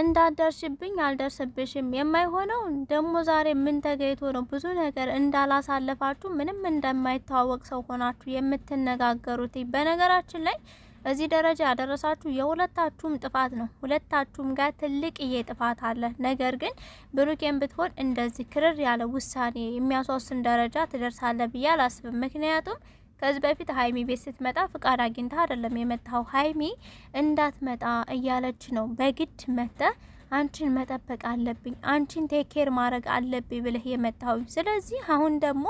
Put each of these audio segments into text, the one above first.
እንዳደርሽብኝ አልደርስብሽም። የማይሆነው ደግሞ ዛሬ ምን ተገይቶ ነው? ብዙ ነገር እንዳላሳለፋችሁ ምንም እንደማይተዋወቅ ሰው ሆናችሁ የምትነጋገሩት። በነገራችን ላይ እዚህ ደረጃ ያደረሳችሁ የሁለታችሁም ጥፋት ነው። ሁለታችሁም ጋር ትልቅዬ ጥፋት አለ። ነገር ግን ብሩኬን ብትሆን እንደዚህ ክርር ያለ ውሳኔ የሚያስወስን ደረጃ ትደርሳለ ብዬ አላስብም። ምክንያቱም ከዚህ በፊት ሀይሚ ቤት ስትመጣ ፍቃድ አግኝታ አይደለም የመጣው። ሀይሚ እንዳትመጣ እያለች ነው። በግድ መተ አንቺን መጠበቅ አለብኝ፣ አንቺን ቴኬር ማድረግ አለብኝ ብለህ የመጣው። ስለዚህ አሁን ደግሞ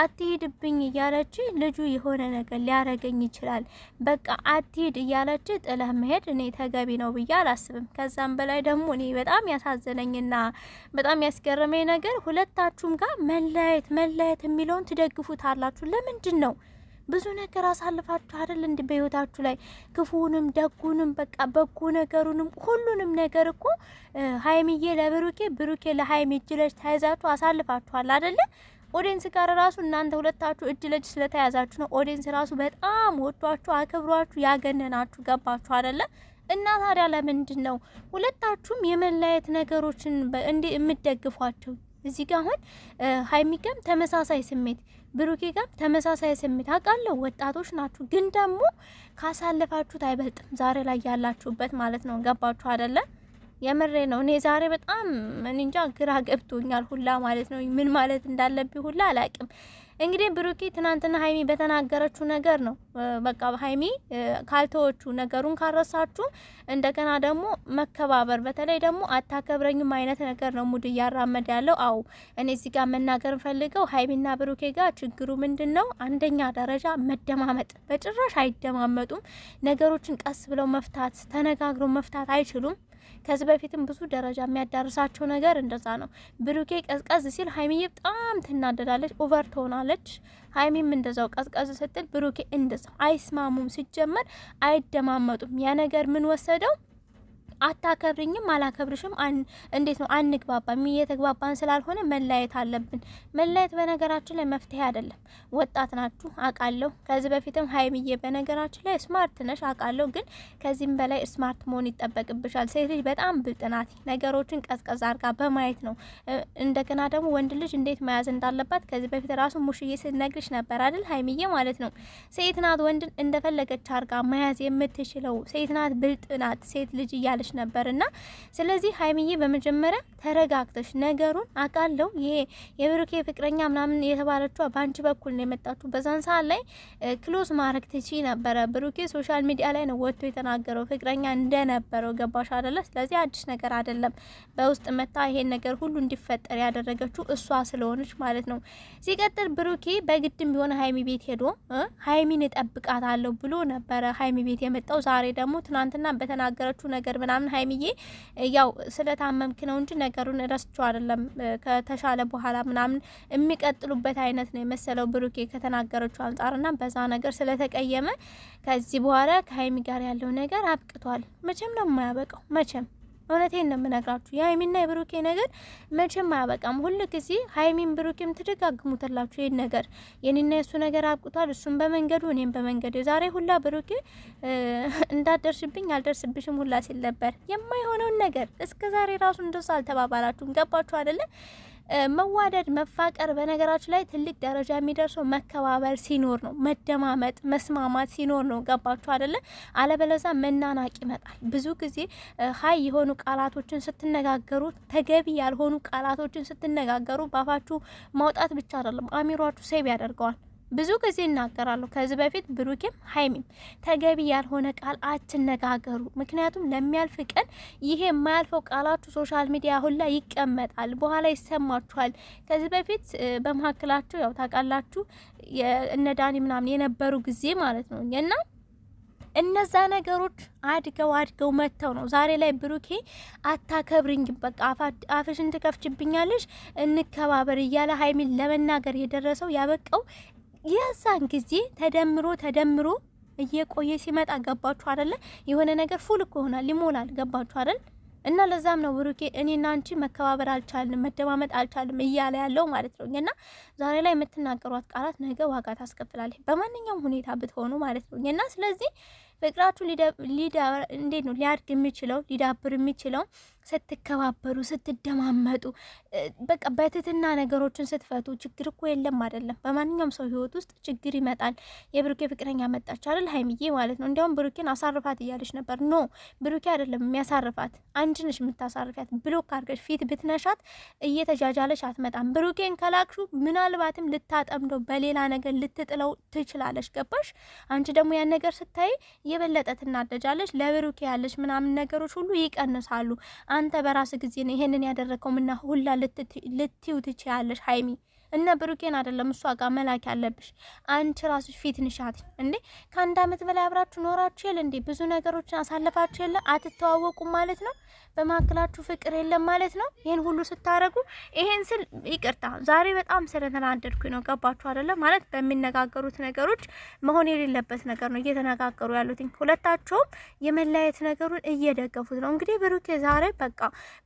አትሂድብኝ እያለች ልጁ የሆነ ነገር ሊያረገኝ ይችላል፣ በቃ አትሂድ እያለች ጥለህ መሄድ እኔ ተገቢ ነው ብዬ አላስብም። ከዛም በላይ ደግሞ እኔ በጣም ያሳዘነኝና በጣም ያስገረመኝ ነገር ሁለታችሁም ጋር መለያየት መለያየት የሚለውን ትደግፉታላችሁ። ለምንድን ነው ብዙ ነገር አሳልፋችሁ አይደል እንዲ በህይወታችሁ ላይ ክፉንም ደጉንም በቃ በጎ ነገሩንም ሁሉንም ነገር እኮ ሀይሚዬ ለብሩኬ ብሩኬ ለሀይሚ እጅ ለእጅ ተያይዛችሁ አሳልፋችኋል አይደለ? ኦዲንስ ጋር ራሱ እናንተ ሁለታችሁ እጅ ለእጅ ስለተያያዛችሁ ነው። ኦዲንስ ራሱ በጣም ወዷችሁ አክብሯችሁ ያገነናችሁ ገባችሁ አይደለ? እና ታዲያ ለምንድን ነው ሁለታችሁም የመለያየት ነገሮችን እንዲ የምትደግፏቸው? እዚህ ጋር አሁን ሀይሚ ጋም ተመሳሳይ ስሜት፣ ብሩኬ ጋም ተመሳሳይ ስሜት አውቃለሁ። ወጣቶች ናችሁ፣ ግን ደግሞ ካሳለፋችሁት አይበልጥም ዛሬ ላይ ያላችሁበት ማለት ነው። ገባችሁ አይደለም? የምሬ ነው። እኔ ዛሬ በጣም እንጃ ግራ ገብቶኛል ሁላ ማለት ነው። ምን ማለት እንዳለብኝ ሁላ አላቅም። እንግዲህ ብሩኬ ትናንትና ሀይሚ በተናገረችው ነገር ነው። በቃ ሀይሚ ካልተወቹ ነገሩን ካረሳችሁ እንደገና ደግሞ መከባበር፣ በተለይ ደግሞ አታከብረኝም አይነት ነገር ነው ሙድ እያራመድ ያለው። አዎ እኔ እዚህ ጋር መናገር ፈልገው ሀይሚና ብሩኬ ጋር ችግሩ ምንድን ነው? አንደኛ ደረጃ መደማመጥ፣ በጭራሽ አይደማመጡም። ነገሮችን ቀስ ብለው መፍታት፣ ተነጋግሮ መፍታት አይችሉም። ከዚህ በፊትም ብዙ ደረጃ የሚያዳርሳቸው ነገር እንደዛ ነው። ብሩኬ ቀዝቀዝ ሲል ሀይሚዬ በጣም ትናደዳለች፣ ኦቨር ትሆናለች። ሀይሚም እንደዛው ቀዝቀዝ ስትል ብሩኬ እንደዛው አይስማሙም። ሲጀመር አይደማመጡም። ያ ነገር ምን ወሰደው አታከብርኝም፣ አላከብርሽም፣ እንዴት ነው አንግባባም፣ እየተግባባን ስላልሆነ መለያየት አለብን። መለያየት በነገራችን ላይ መፍትሄ አይደለም። ወጣት ናችሁ አውቃለሁ። ከዚህ በፊትም ሀይሚዬ በነገራችን ላይ ስማርት ነሽ አውቃለሁ፣ ግን ከዚህም በላይ ስማርት መሆን ይጠበቅብሻል። ሴት ልጅ በጣም ብልጥ ናት። ነገሮችን ቀዝቀዝ አርጋ በማየት ነው። እንደገና ደግሞ ወንድ ልጅ እንዴት መያዝ እንዳለባት ከዚህ በፊት ራሱ ሙሽዬ ስነግርሽ ነበር አይደል? ሀይሚዬ ማለት ነው። ሴት ናት ወንድን እንደፈለገች አርጋ መያዝ የምትችለው ሴት ናት፣ ብልጥ ናት ሴት ልጅ እያለች ነበርና፣ ስለዚህ ሀይሚዬ በመጀመሪያ ተረጋግተሽ ነገሩን አቃለው። ይሄ የብሩኬ ፍቅረኛ ምናምን የተባለችው በአንቺ በኩል ነው የመጣችሁ። በዛን ሰዓት ላይ ክሎዝ ማድረግ ትቺ ነበረ። ብሩኬ ሶሻል ሚዲያ ላይ ነው ወጥቶ የተናገረው ፍቅረኛ እንደነበረው። ገባሽ አደለ? ስለዚህ አዲስ ነገር አይደለም። በውስጥ መታ ይሄን ነገር ሁሉ እንዲፈጠር ያደረገችው እሷ ስለሆነች ማለት ነው። ሲቀጥል ብሩኬ በግድም ቢሆን ሀይሚ ቤት ሄዶ ሀይሚን እጠብቃታለሁ ብሎ ነበረ ሀይሚ ቤት የመጣው። ዛሬ ደግሞ ትናንትና በተናገረችው ነገር ምናምን ምናምን ሀይሚዬ ያው ስለታመምክ ነው እንጂ ነገሩን ረስቸው አይደለም ከተሻለ በኋላ ምናምን የሚቀጥሉበት አይነት ነው የመሰለው ብሩኬ ከተናገረችው አንጻርና በዛ ነገር ስለተቀየመ ከዚህ በኋላ ከሀይሚ ጋር ያለው ነገር አብቅቷል። መቼም ነው የማያበቀው መቼም እውነቴን ነው የምነግራችሁ። የሀይሚና የብሩኬ ነገር መቼም አያበቃም። ሁል ጊዜ ሀይሚን ብሩኬም ትደጋግሙትላችሁ ይህን ነገር። የኔና የሱ ነገር አብቅቷል። እሱም በመንገዱ እኔም በመንገዱ ዛሬ ሁላ ብሩኬ እንዳደርስብኝ አልደርስብሽም ሁላ ሲል ነበር የማይሆነውን ነገር። እስከ ዛሬ ራሱ እንደሱ አልተባባላችሁም። ገባችሁ አይደለም? መዋደድ መፋቀር፣ በነገራችን ላይ ትልቅ ደረጃ የሚደርሰው መከባበር ሲኖር ነው። መደማመጥ፣ መስማማት ሲኖር ነው። ገባችሁ አደለ? አለበለዛ መናናቅ ይመጣል። ብዙ ጊዜ ሀይ የሆኑ ቃላቶችን ስትነጋገሩ፣ ተገቢ ያልሆኑ ቃላቶችን ስትነጋገሩ፣ ባፋችሁ ማውጣት ብቻ አይደለም አሚሯችሁ ሴብ ያደርገዋል። ብዙ ጊዜ እናገራለሁ። ከዚህ በፊት ብሩኬም ሀይሚም ተገቢ ያልሆነ ቃል አትነጋገሩ። ምክንያቱም ለሚያልፍ ቀን ይሄ የማያልፈው ቃላችሁ ሶሻል ሚዲያ ሁላ ይቀመጣል፣ በኋላ ይሰማችኋል። ከዚህ በፊት በመካከላችሁ ያው ታውቃላችሁ እነ ዳኒ ምናምን የነበሩ ጊዜ ማለት ነው እና እነዛ ነገሮች አድገው አድገው መጥተው ነው ዛሬ ላይ ብሩኬ አታከብርኝ፣ በቃ አፍሽን ትከፍችብኛለሽ፣ እንከባበር እያለ ሀይሚን ለመናገር የደረሰው ያበቃው የዛን ጊዜ ተደምሮ ተደምሮ እየቆየ ሲመጣ ገባችሁ አደለ? የሆነ ነገር ፉል እኮ ይሆናል ይሞላል። ገባችሁ አደል? እና ለዛም ነው ብሩኬ እኔና አንቺ መከባበር አልቻልንም መደማመጥ አልቻልንም እያለ ያለው ማለት ነው። እና ዛሬ ላይ የምትናገሯት ቃላት ነገ ዋጋ ታስከፍላለች፣ በማንኛውም ሁኔታ ብትሆኑ ማለት ነው። እና ስለዚህ ፍቅራችሁ እንዴት ነው ሊያድግ የሚችለው ሊዳብር የሚችለው ስትከባበሩ፣ ስትደማመጡ፣ በቃ በትትና ነገሮችን ስትፈቱ። ችግር እኮ የለም አይደለም። በማንኛውም ሰው ህይወት ውስጥ ችግር ይመጣል። የብሩኬ ፍቅረኛ መጣች አይደል? ሀይሚዬ ማለት ነው። እንዲያውም ብሩኬን አሳርፋት እያለች ነበር። ኖ ብሩኬ አይደለም የሚያሳርፋት፣ አንቺ ነሽ የምታሳርፊያት። ብሎክ አድርገሽ ፊት ብትነሻት እየተጃጃለች አትመጣም። ብሩኬን ከላክሹ ምናልባትም ልታጠምደው በሌላ ነገር ልትጥለው ትችላለች። ገባሽ? አንቺ ደግሞ ያን ነገር ስታይ የበለጠ ትናደጃለች። ለብሩክ ያለች ምናምን ነገሮች ሁሉ ይቀንሳሉ። አንተ በራስ ጊዜ ነው ይሄንን ያደረከው ምና ሁላ ልትይው ትችያለሽ ሀይሚ እነ ብሩኬን አይደለም እሷ ጋር መላክ ያለብሽ። አንቺ ራስሽ ፊት ንሻት እንዴ! ከአንድ አመት በላይ አብራችሁ ኖራችሁ የለ እንዴ? ብዙ ነገሮችን አሳልፋችሁ የለ? አትተዋወቁም ማለት ነው። በመካከላችሁ ፍቅር የለም ማለት ነው። ይህን ሁሉ ስታደርጉ ይሄን ስል ይቅርታ፣ ዛሬ በጣም ስለተናደድኩኝ ነው። ገባችሁ አይደለም ማለት በሚነጋገሩት ነገሮች መሆን የሌለበት ነገር ነው እየተነጋገሩ ያሉትኝ ሁለታቸውም የመለያየት ነገሩን እየደገፉት ነው። እንግዲህ ብሩኬ ዛሬ በቃ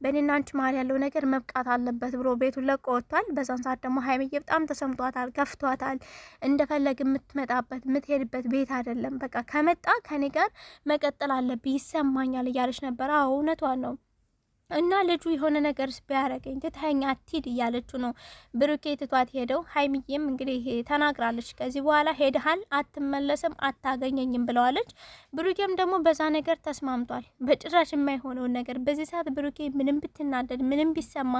በእኔና አንቺ መሀል ያለው ነገር መብቃት አለበት ብሎ ቤቱን ለቆ ወጥቷል። በዛን ሰዓት ደግሞ ሀይሚዬ በጣም ተሰምቷታል፣ ከፍቷታል። እንደፈለግ የምትመጣበት የምትሄድበት ቤት አይደለም። በቃ ከመጣ ከኔ ጋር መቀጠል አለብህ ይሰማኛል እያለች ነበር። አዎ እውነቷን ነው። እና ልጁ የሆነ ነገር ቢያረገኝ ትተኸኝ አትሂድ እያለችው ነው። ብሩኬ ትቷት ሄደው ሀይሚዬም እንግዲህ ተናግራለች። ከዚህ በኋላ ሄድሃል፣ አትመለስም፣ አታገኘኝም ብለዋለች። ብሩኬም ደግሞ በዛ ነገር ተስማምቷል። በጭራሽ የማይሆነውን ነገር በዚህ ሰዓት ብሩኬ ምንም ብትናደድ፣ ምንም ቢሰማ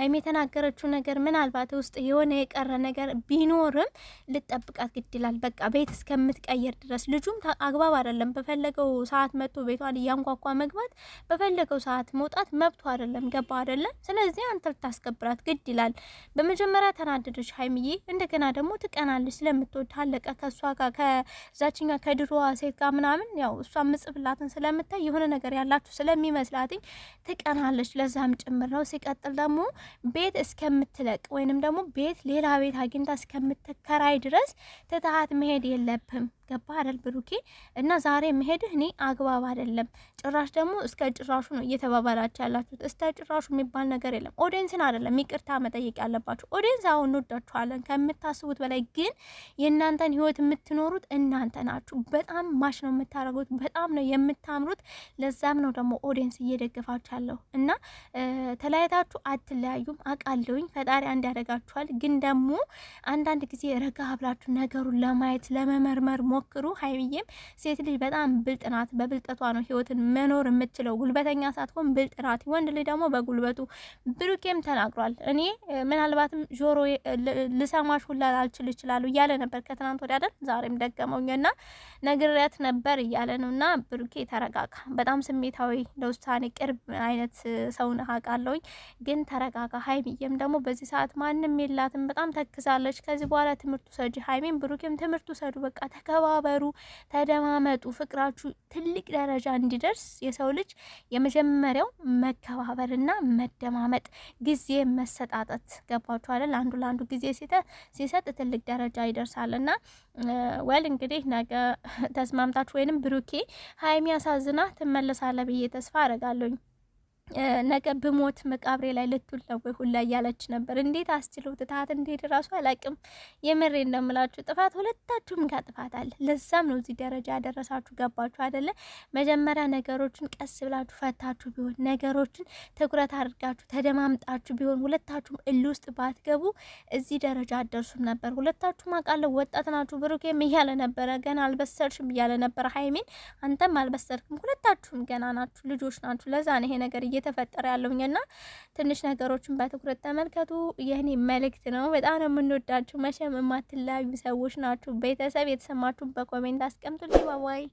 ሀይሚ የተናገረችው ነገር ምናልባት ውስጥ የሆነ የቀረ ነገር ቢኖርም ልጠብቃት ግድ ይላል። በቃ ቤት እስከምትቀየር ድረስ ልጁም አግባብ አይደለም። በፈለገው ሰዓት መጥቶ ቤቷን እያንኳኳ መግባት፣ በፈለገው ሰዓት መውጣት መብቱ አይደለም። ገባ አይደለም? ስለዚህ አንተ ልታስከብራት ግድ ይላል። በመጀመሪያ ተናደደች ሀይምዬ፣ እንደገና ደግሞ ትቀናለች። ስለምትወድ አለቀ። ከእሷ ጋር ከዛችኛ ከድሮዋ ሴት ጋር ምናምን ያው እሷ ምጽፍላትን ስለምታይ የሆነ ነገር ያላችሁ ስለሚመስላትኝ ትቀናለች። ለዛም ጭምር ነው። ሲቀጥል ደግሞ ቤት እስከምትለቅ ወይንም ደግሞ ቤት ሌላ ቤት አግኝታ እስከምትከራይ ድረስ ትትሀት መሄድ የለብም ገባ አይደል ብሩኬ? እና ዛሬ መሄድህ እኔ አግባብ አይደለም። ጭራሽ ደግሞ እስከ ጭራሹ ነው እየተባባላችሁ ያላችሁት። እስከ ጭራሹ የሚባል ነገር የለም። ኦዲየንስን አይደለም ይቅርታ መጠየቅ ያለባችሁ። ኦዲየንስ አሁን እንወዳችኋለን ከምታስቡት በላይ ግን የእናንተን ህይወት የምትኖሩት እናንተ ናችሁ። በጣም ማሽ ነው የምታደርጉት፣ በጣም ነው የምታምሩት። ለዛም ነው ደግሞ ኦዲየንስ እየደገፋችሁ ያለው እና ተለያይታችሁ አትለያዩም። አቃለውኝ ፈጣሪ አንድ ያደርጋችኋል። ግን ደግሞ አንዳንድ ጊዜ ረጋ ብላችሁ ነገሩን ለማየት ለመመርመር ሞክሩ። ሀይሚዬም ሴት ልጅ በጣም ብልጥ ናት። በብልጠቷ ነው ህይወትን መኖር የምትችለው። ጉልበተኛ ሳትሆን ብልጥ ናት። ወንድ ልጅ ደግሞ በጉልበቱ ብሩኬም ተናግሯል። እኔ ምናልባትም ጆሮ ልሰማሽ ሁላ ላልችል ይችላሉ እያለ ነበር ከትናንት ወዲያ አይደል? ዛሬም ደገመውኝ ና ነግሬያት ነበር እያለ ነው። እና ብሩኬ ተረጋጋ። በጣም ስሜታዊ ለውሳኔ ቅርብ አይነት ሰውን አውቃለሁኝ፣ ግን ተረጋጋ። ሀይሚዬም ደግሞ በዚህ ሰዓት ማንም የላትም። በጣም ተክዛለች። ከዚህ በኋላ ትምህርቱ ውሰጂ ሀይሚም ብሩኬም ትምህርቱ ሰዱ። በቃ ተከባ ተከባበሩ፣ ተደማመጡ። ፍቅራችሁ ትልቅ ደረጃ እንዲደርስ የሰው ልጅ የመጀመሪያው መከባበርና መደማመጥ፣ ጊዜ መሰጣጠት። ገባችሁ አይደል? አንዱ ለአንዱ ጊዜ ሲሰጥ ትልቅ ደረጃ ይደርሳል። እና ወል እንግዲህ ነገ ተስማምታችሁ ወይንም ብሩኬ ሀይሚ ያሳዝና ትመለሳለ ብዬ ተስፋ አረጋለሁኝ። ነገ ብሞት መቃብሬ ላይ ልትውል ነው ወይ ሁላ እያለች ነበር። እንዴት አስችለው ትታት እንዴት ራሱ አላቅም። የምሬ እንደምላችሁ ጥፋት ሁለታችሁም ጋር ጥፋት አለ። ለዛም ነው እዚህ ደረጃ ያደረሳችሁ። ገባችሁ አይደለ? መጀመሪያ ነገሮችን ቀስ ብላችሁ ፈታችሁ ቢሆን ነገሮችን ትኩረት አድርጋችሁ ተደማምጣችሁ ቢሆን ሁለታችሁም እል ውስጥ ባትገቡ እዚህ ደረጃ አደርሱም ነበር። ሁለታችሁም አውቃለሁ ወጣት ናችሁ። ብሩኬም እያለ ነበረ ገና አልበሰልሽም እያለ ነበረ። ሀይሚን አንተም አልበሰልክም። ሁለታችሁም ገና ናችሁ፣ ልጆች ናችሁ። ለዛ ነው ይሄ ነገር እየተፈጠረ ያለሁኝ እና ትንሽ ነገሮችን በትኩረት ተመልከቱ። ይህኔ መልእክት ነው። በጣም ነው የምንወዳችሁ። መቼም የማትለያዩ ሰዎች ናችሁ። ቤተሰብ የተሰማችሁ በኮሜንት አስቀምጡልኝ። ባባይ